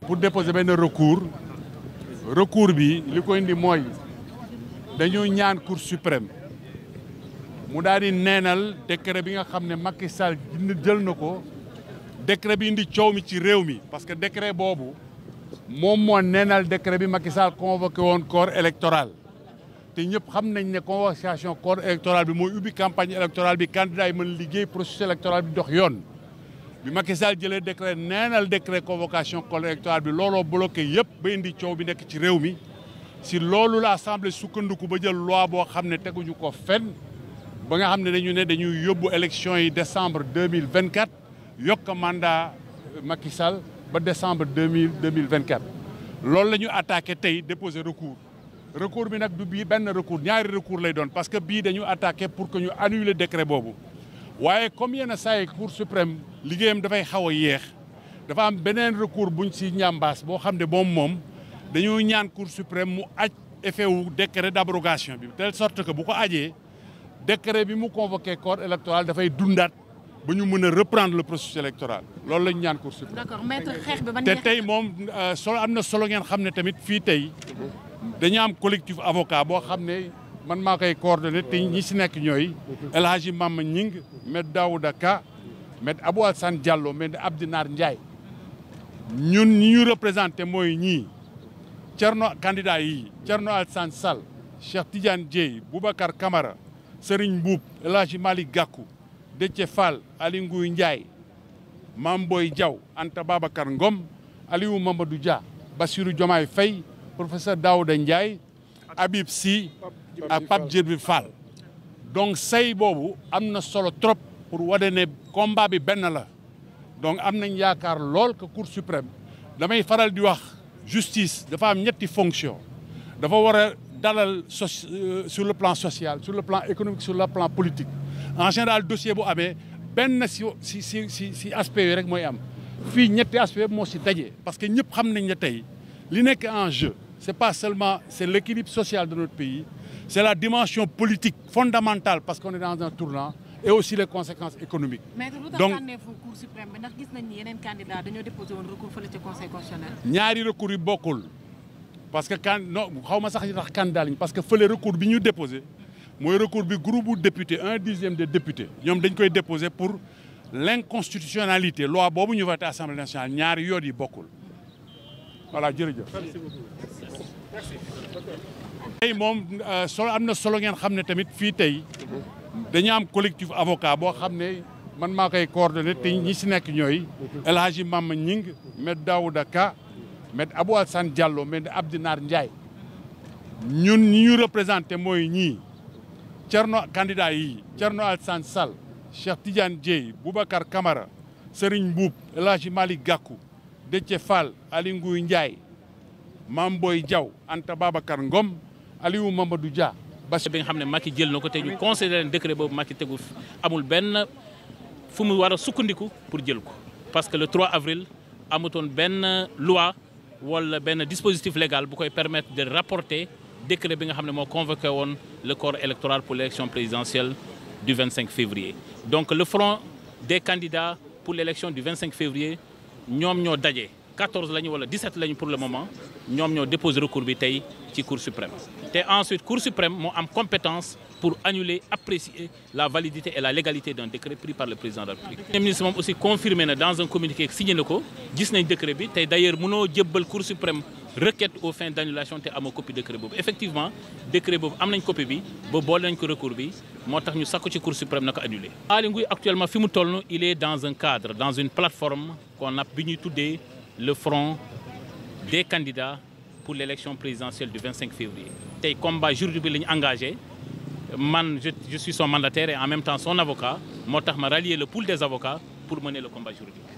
pour déposer benn recours recours bi li ko indi mooy dañuy ñaan cour suprême mu daal di neenal décret bi nga xam ne Macky jël na ko décret bi indi coow mi ci réew mi parce que décret boobu moom moo neenal décret bi Macky Sall convoqué woon corps électoral te ñëpp xam nañ ne convocation corps électoral bi mooy ubbi campagne électorale bi candidat mën liggéey processus électoral bi dox yoon bi Macky Sall jëlee décret neenal décret convocation corps électoral bi looloo bloqué yëpp ba indi coow bi nekk ci réew mi si loolu la assemblée sukkandiku ba jël loi boo xam ne teguñu ko fenn ba nga xam ne dañu ne dañuy yóbbu élection yi décembre 2024 yokk mandat Macky Sall ba décembre 2024 loolu la ñu attaqué tey déposé recours recours bi nag du bii benn recours ñaari recours lay doon parce que bii dañu attaqué pour que ñu annuler décret boobu waaye comme yenn saa yi cour suprême liggéeyam dafay xaw a yéex dafa am beneen recours buñ si ñambaas boo xam ne moom moom dañoo ñaan cour suprême mu aj effet wu décret d'abrogation bi tele sorte que bu ko ajee décret bi mu convoqué koor électoral dafay dundaat bu ñu mën a reprendre le processus électoral loolu la ñu ñaan cour suprême. d'accord maître xeex bi tey moom euh, solo am na solo ngeen xam ne tamit fii tey. dañu am collectif avocat boo xam ne man maa koy coordonné te ñi si nekk ñooy El Hadji Mama Ñing maître Daouda Ka maître Abou Assane Diallo maître Abdinar Ndiaye ñun ñu représenté mooy ñii Cerno candidat yi Cerno Alassane Sall Cheikh Tidiane Dieye Boubacar Camara Serigne Mbuub El Hadji Malick Gakou Déthié Fall Ali Nguy Ndiaye Mame Boye Diaw Anta Babacar Ngom Aliou Mamadou Dia Bassirou Diomaye Faye professeur Daouda Ndiaye Habib Sy ak Pape Djibril Fall donc say boobu am na solo trop pour wane ne combat bi benn la donc am nañ yaakaar lool que cour suprême damay faral di wax justice dafa am ñetti fonction dafa war a dalal euh, sur le plan social sur le plan économique sur le plan politique en général dossier bu amee benn si si si si si rek mooy am fii ñetti aspect moo si daje parce que ñëpp xam nañ ne tey li nekk en c'est pas seulement c'est l'équilibre social de notre pays, c'est la dimension politique fondamentale parce qu'on est dans un tournant et aussi les conséquences économiques. Maître, lu tax tànneefu Cour suprême bi ndax gis nañ ni ci conseil constitutionnel. ñaari recours yi bokkul parce que kan non xaw ma sax ñu tax candidat lañ parce que fële recours bi ñu déposé mooy recours bi groupe bu député un dixième des députés ñoom dañ koy déposé pour l'inconstitutionnalité loi boobu ñu voté assemblée nationale ñaari yoon yi bokkul voilà tey moom euh, solo na solo ngeen xam ne tamit fii tey dañu am collectif avocat boo xam ne man maa koy coordonné te ñi si nekk ñooy El Hadji Mama Ñing Maître Daouda Ka Maître Abou Alassane Diallo Maître Abdinar Ndiaye ñun ñi ñu représenté mooy ñii Cerno candidat yi Cerno Alassane Sall Cheikh Tidiane Dieye bubakar Camara Serigne Mbuub El Hadji Malick Gakou Déthié Fall Aly Ngouille Ndiaye Mame Boye Diaw Anta Babacar Ngom Aliou Mamadou Dia. basi bi nga xam ne Macky jël na ko te ñu considéré leen décret boobu Macky tegu amul benn fu mu war a sukkandiku pour jël ko. parce que le 3 avril amutoon benn loi wala benn dispositif légal bu koy permettre de rapporter décret bi nga xam ne moo convoqué woon le corps électoral pour l'élection présidentielle du 25 février. donc le front des candidats pour l'élection du 25 février ñoom ñoo daje. 14 lañu wala 17 lañu pour le moment ñoom moo am compétence pour annuler apprécier la validité et la légalité d'un décret pris par le président de la République. le ministre moom aussi confirmé na dans un communiqué signé na ko gis nañ décret bi tey d'ailleurs mënoo jébbal cour suprême requête aux fins d'annulation te amoo copie décret boobu effectivement décret boobu am nañ copie bi ba boole nañ ko recours bi moo tax ñu sakku ci cour suprême na ko annulé. Aly Ngouille actuellement fi mu toll il est dans un cadre dans une plateforme qu'on a bi ñuy tuddee. le front des candidats pour l'élection présidentielle du 25 février tey combat juridique bi la ñu engagé man je je suis son mandataire et en même temps son avocat moo tax ma rallier le pool des avocats pour mener le combat juridique